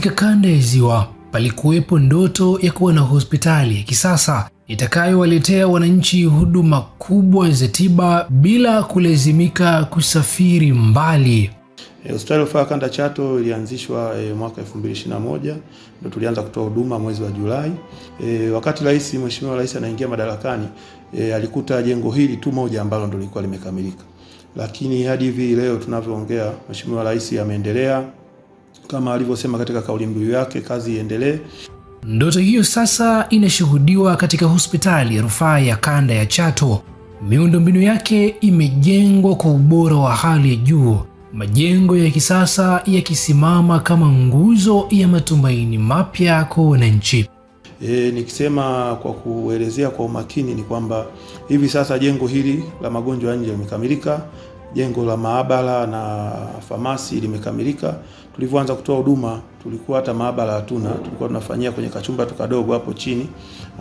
Katika kanda ya Ziwa palikuwepo ndoto ya kuwa na hospitali ya kisasa itakayowaletea wananchi huduma kubwa za tiba bila kulazimika kusafiri mbali. Eh, hospitali ya Rufaa Kanda Chato ilianzishwa e, mwaka 2021 ndio tulianza kutoa huduma mwezi wa Julai. E, wakati rais, Mheshimiwa Rais anaingia madarakani e, alikuta jengo hili tu moja ambalo ndio lilikuwa limekamilika, lakini hadi hivi leo tunavyoongea, Mheshimiwa Rais ameendelea kama alivyosema katika kauli mbiu yake, kazi iendelee. Ndoto hiyo sasa inashuhudiwa katika hospitali ya rufaa ya kanda ya Chato. Miundombinu yake imejengwa kwa ubora wa hali ya juu, majengo ya kisasa yakisimama kama nguzo ya matumaini mapya kwa wananchi. E, nikisema kwa kuelezea kwa umakini ni kwamba hivi sasa jengo hili la magonjwa ya nje limekamilika jengo la maabara na famasi limekamilika. Tulivyoanza kutoa huduma, tulikuwa hata maabara hatuna, tulikuwa tunafanyia kwenye kachumba tukadogo hapo chini,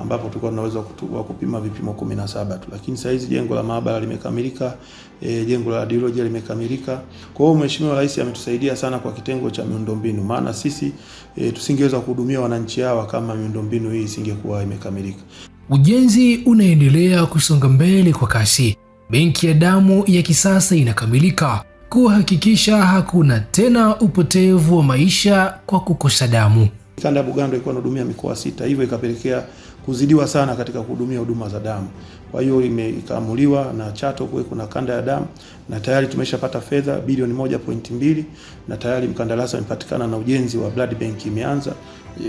ambapo tulikuwa tunaweza kupima vipimo 17 tu, lakini sasa hizi jengo la maabara limekamilika, e, jengo la radiolojia limekamilika. Kwa hiyo Mheshimiwa Rais ametusaidia sana kwa kitengo cha miundombinu, maana sisi e, tusingeweza kuhudumia wananchi hawa kama miundombinu hii isingekuwa imekamilika. Ujenzi unaendelea kusonga mbele kwa kasi benki ya damu ya kisasa inakamilika kuhakikisha hakuna tena upotevu wa maisha kwa kukosa damu. Kanda ya Bugando ilikuwa inahudumia mikoa sita, hivyo ikapelekea kuzidiwa sana katika kuhudumia huduma za damu. Kwa hiyo ikaamuliwa na Chato kuwe kuna kanda ya damu, na tayari tumeshapata fedha bilioni moja pointi mbili na tayari mkandarasi amepatikana na ujenzi wa blood bank imeanza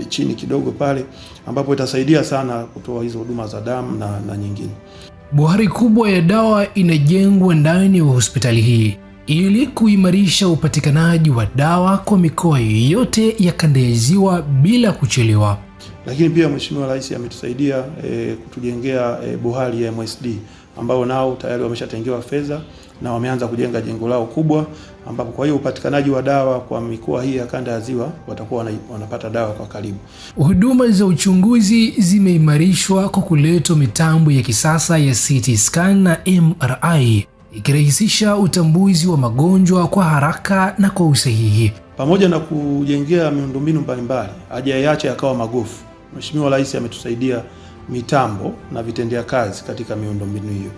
e, chini kidogo pale ambapo itasaidia sana kutoa hizo huduma za damu na, na nyingine Bohari kubwa ya dawa inajengwa ndani ya hospitali hii ili kuimarisha upatikanaji wa dawa kwa mikoa yote ya kanda ya ziwa bila kuchelewa. Lakini pia Mheshimiwa Rais ametusaidia e, kutujengea e, bohari ya MSD ambao nao tayari wameshatengewa fedha na wameanza kujenga jengo lao kubwa, ambapo kwa hiyo upatikanaji wa dawa kwa mikoa hii ya kanda ya Ziwa watakuwa wanapata dawa kwa karibu. Huduma za uchunguzi zimeimarishwa kwa kuletwa mitambo ya kisasa ya CT scan na MRI ikirahisisha utambuzi wa magonjwa kwa haraka na kwa usahihi, pamoja na kujengea miundombinu mbalimbali, hajayaache yakawa magofu. Mheshimiwa Rais ametusaidia mitambo na vitendea kazi katika miundombinu hiyo.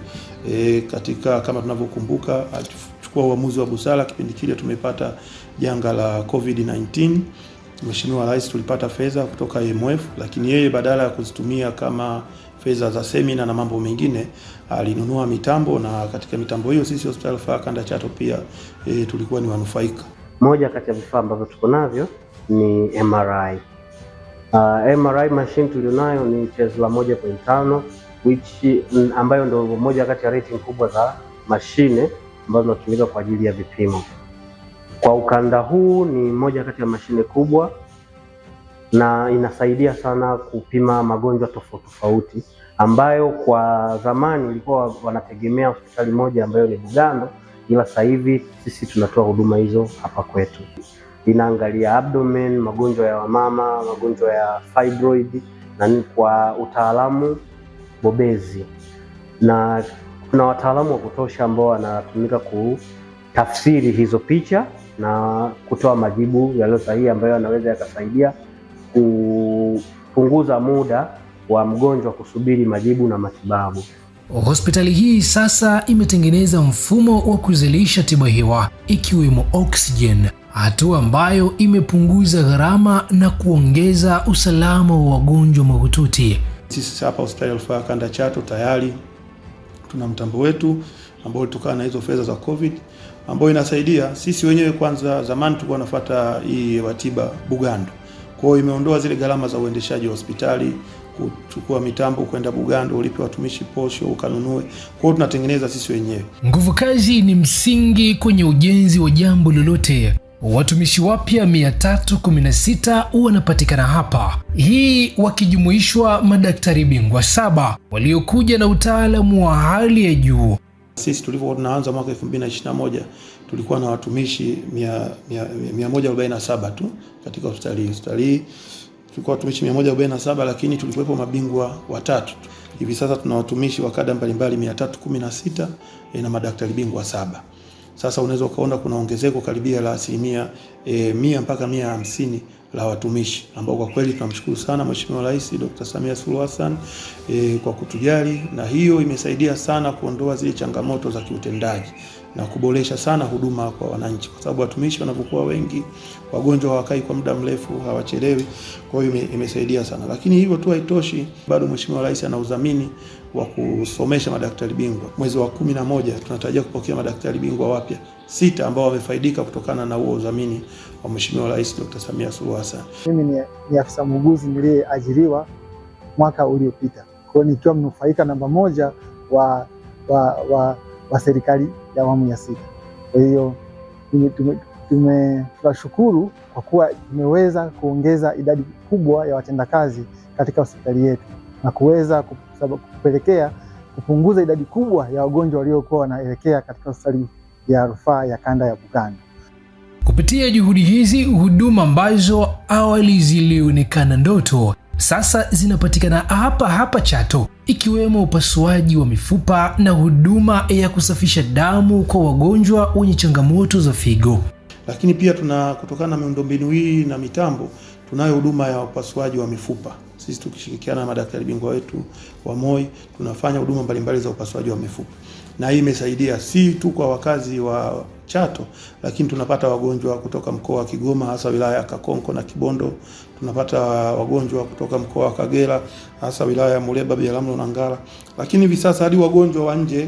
E, katika kama tunavyokumbuka alichukua uamuzi wa busara kipindi kile tumepata janga la COVID-19. Mheshimiwa Rais tulipata fedha kutoka IMF, lakini yeye badala ya kuzitumia kama fedha za semina na mambo mengine alinunua mitambo, na katika mitambo hiyo sisi hospitali rufaa kanda Chato pia e, tulikuwa ni wanufaika. Moja kati ya vifaa ambavyo tuko navyo ni MRI. Uh, MRI machine tulionayo ni Tesla 1.5 which mm, ambayo ndio moja kati ya rating kubwa za mashine ambazo zinatumika kwa ajili ya vipimo. Kwa ukanda huu ni moja kati ya mashine kubwa na inasaidia sana kupima magonjwa tofauti tofauti ambayo kwa zamani ilikuwa wanategemea hospitali moja ambayo ni Bugando, ila sasa hivi sisi tunatoa huduma hizo hapa kwetu inaangalia abdomen, magonjwa ya wamama, magonjwa ya fibroid na ni kwa utaalamu bobezi, na kuna wataalamu wa kutosha ambao wanatumika kutafsiri hizo picha na kutoa majibu yaliyo sahihi ambayo yanaweza yakasaidia kupunguza muda wa mgonjwa kusubiri majibu na matibabu. Hospitali hii sasa imetengeneza mfumo wa kuzalisha tiba hewa ikiwemo oxygen hatua ambayo imepunguza gharama na kuongeza usalama wa wagonjwa mahututi. Sisi hapa hospitali ya rufaa ya kanda Chato tayari tuna mtambo wetu ambao ulitokana na hizo fedha za COVID ambayo inasaidia sisi wenyewe. Kwanza zamani tulikuwa tunafuata hii watiba Bugando, kwa hiyo imeondoa zile gharama za uendeshaji wa hospitali kuchukua mitambo kwenda Bugando, ulipe watumishi posho, ukanunue. Kwa hiyo tunatengeneza sisi wenyewe. Nguvu kazi ni msingi kwenye ujenzi wa jambo lolote. Watumishi wapya 316 wanapatikana hapa, hii wakijumuishwa madaktari bingwa saba waliokuja na utaalamu wa hali ya juu. Sisi tulivyokuwa tunaanza mwaka 2021 tulikuwa na watumishi 147 tu katika hospitali hii. Hospitali hii tulikuwa watumishi 147, lakini tulikuwepo mabingwa watatu. Hivi sasa tuna watumishi wa kada mbalimbali 316 na madaktari bingwa saba. Sasa unaweza ukaona kuna ongezeko karibia la asilimia e, mia mpaka mia hamsini la watumishi ambao kwa kweli tunamshukuru sana Mheshimiwa Rais Dr. Samia Suluhu Hassan e, kwa kutujali, na hiyo imesaidia sana kuondoa zile changamoto za kiutendaji na kuboresha sana huduma kwa wananchi, kwa sababu watumishi wanapokuwa wengi, wagonjwa hawakai kwa muda mrefu, hawachelewi. Kwa hiyo imesaidia sana, lakini hivyo tu haitoshi, bado Mheshimiwa Rais ana udhamini wa kusomesha madaktari bingwa. Mwezi wa kumi na moja tunatarajia kupokea madaktari bingwa wapya sita ambao wamefaidika kutokana na huo udhamini wa Mheshimiwa Rais Dr. Samia Suluhu Hassan. Mimi ni, ni afisa muuguzi niliyeajiriwa mwaka uliopita, kwa hiyo nikiwa mnufaika namba moja wa, wa, wa wa serikali ya awamu ya sita. Kwa hiyo tunashukuru kwa kuwa tumeweza kuongeza idadi kubwa ya watendakazi katika hospitali yetu na kuweza kupelekea kupunguza idadi kubwa ya wagonjwa waliokuwa wanaelekea katika hospitali ya rufaa ya kanda ya Bugando. Kupitia juhudi hizi, huduma ambazo awali zilionekana ndoto sasa zinapatikana hapa hapa Chato ikiwemo upasuaji wa mifupa na huduma ya kusafisha damu kwa wagonjwa wenye changamoto za figo. Lakini pia tuna kutokana na miundombinu hii na mitambo, tunayo huduma ya upasuaji wa mifupa. Sisi tukishirikiana na madaktari bingwa wetu wa MOI tunafanya huduma mbalimbali za upasuaji wa mifupa, na hii imesaidia si tu kwa wakazi wa Chato, lakini tunapata wagonjwa kutoka mkoa wa Kigoma, hasa wilaya ya Kakonko na Kibondo tunapata wagonjwa kutoka mkoa wa Kagera, hasa wilaya ya Muleba, Biharamulo na Ngara. Lakini hivi sasa hadi wagonjwa wa nje,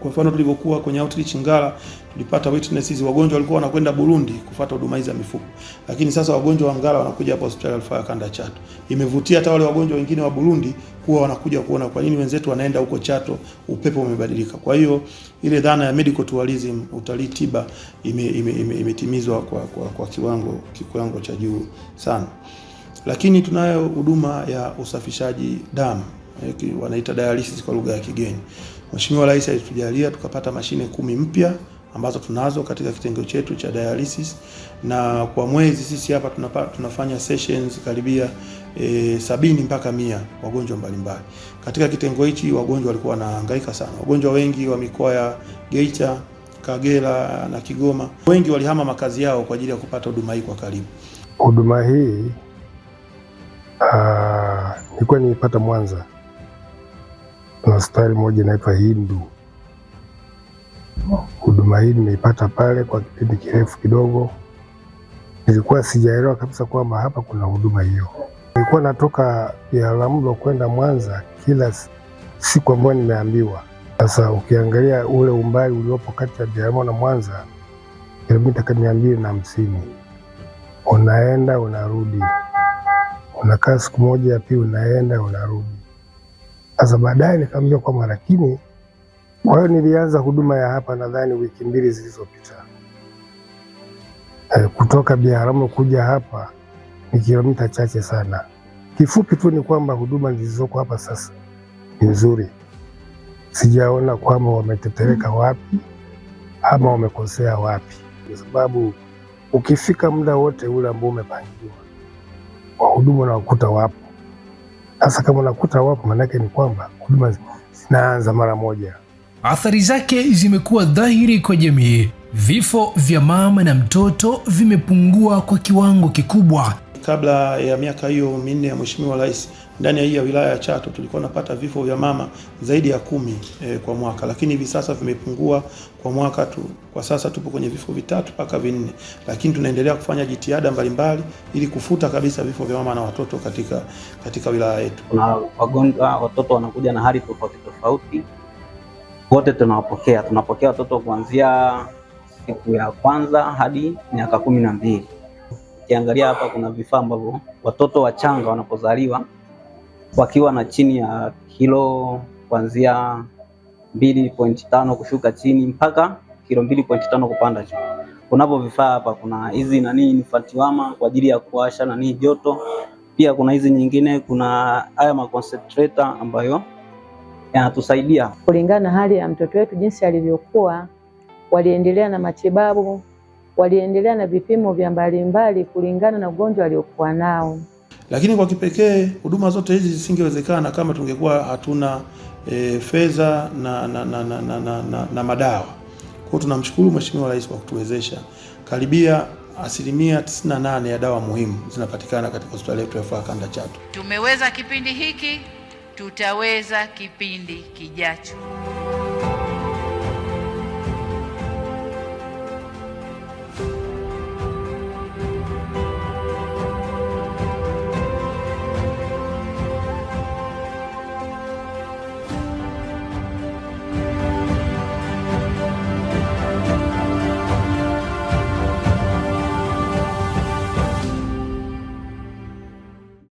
kwa mfano tulivyokuwa kwenye outreach Ngara, tulipata witnesses, wagonjwa walikuwa wanakwenda Burundi kufuata huduma hizi za mifugo, lakini sasa wagonjwa wa Ngara wanakuja hapa hospitali ya Kanda Chato. Imevutia hata wale wagonjwa wengine wa Burundi huwa wanakuja kuona kwa nini wenzetu wanaenda huko Chato, upepo umebadilika. Kwa hiyo ile dhana ya medical tourism, utalii tiba, imetimizwa ime, ime, ime kwa, kwa, kwa kiwango, kiwango cha juu sana. Lakini tunayo huduma ya usafishaji damu eh, wanaita dialysis kwa lugha ya kigeni. Mheshimiwa Rais alitujalia tukapata mashine kumi mpya ambazo tunazo katika kitengo chetu cha dialysis, na kwa mwezi sisi hapa tunapa, tunafanya sessions karibia e, sabini mpaka mia wagonjwa mbalimbali. Katika kitengo hichi wagonjwa walikuwa wanahangaika sana. Wagonjwa wengi wa mikoa ya Geita, Kagera na Kigoma, wengi walihama makazi yao kwa ajili ya kupata huduma hii kwa karibu. Huduma hii ah, nilikuwa niipata Mwanza na hospitali moja inaitwa Hindu. Huduma hii nimeipata pale kwa kipindi kirefu kidogo, nilikuwa sijaelewa kabisa kwamba hapa kuna huduma hiyo. Nilikuwa natoka Biharamulo kwenda Mwanza kila siku ambayo nimeambiwa. Sasa ukiangalia ule umbali uliopo kati ya Biharamulo na Mwanza kilomita kama mia mbili na hamsini, unaenda unarudi, unakaa siku moja ya pili, unaenda unarudi. Sasa baadaye nikaambiwa kwamba lakini, kwa hiyo nilianza huduma ya hapa nadhani wiki mbili zilizopita, eh, kutoka Biharamulo kuja hapa ni kilomita chache sana. Kifupi tu ni kwamba huduma zilizoko hapa sasa ni nzuri, sijaona kwamba wametetereka wapi ama wamekosea wapi, kwa sababu ukifika muda wote ule ambao umepangiwa, wahuduma na wakuta wapo. Sasa kama unakuta wapo, maanake ni kwamba huduma zinaanza mara moja. Athari zake zimekuwa dhahiri kwa jamii. Vifo vya mama na mtoto vimepungua kwa kiwango kikubwa, kabla ya miaka hiyo minne ya Mheshimiwa Rais, ndani ya hii ya wilaya ya Chato tulikuwa tunapata vifo vya mama zaidi ya kumi e, kwa mwaka, lakini hivi sasa vimepungua kwa mwaka tu, kwa sasa tupo kwenye vifo vitatu mpaka vinne, lakini tunaendelea kufanya jitihada mbalimbali ili kufuta kabisa vifo vya mama na watoto katika katika wilaya yetu. Na wagonjwa watoto wanakuja na hali tofauti tofauti, wote tunawapokea, tunapokea watoto kuanzia siku ya kwanza hadi miaka kumi na mbili. Ukiangalia hapa kuna vifaa ambavyo watoto wachanga wanapozaliwa wakiwa na chini ya kilo kuanzia 2.5 kushuka chini mpaka kilo 2.5 kupanda juu. Kunapo vifaa hapa, kuna hizi nani infatiwama kwa ajili ya kuwasha nani joto, pia kuna hizi nyingine, kuna haya maconcentrator ambayo yanatusaidia kulingana na hali ya mtoto wetu jinsi alivyokuwa. Waliendelea na matibabu waliendelea na vipimo vya mbalimbali kulingana na ugonjwa aliokuwa nao. Lakini kwa kipekee huduma zote hizi zisingewezekana kama tungekuwa hatuna e, fedha na, na, na, na, na, na, na madawa. Kwa hiyo tunamshukuru Mheshimiwa Rais kwa kutuwezesha karibia asilimia 98 ya dawa muhimu zinapatikana katika hospitali yetu ya rufaa kanda Chato. Tumeweza kipindi hiki, tutaweza kipindi kijacho.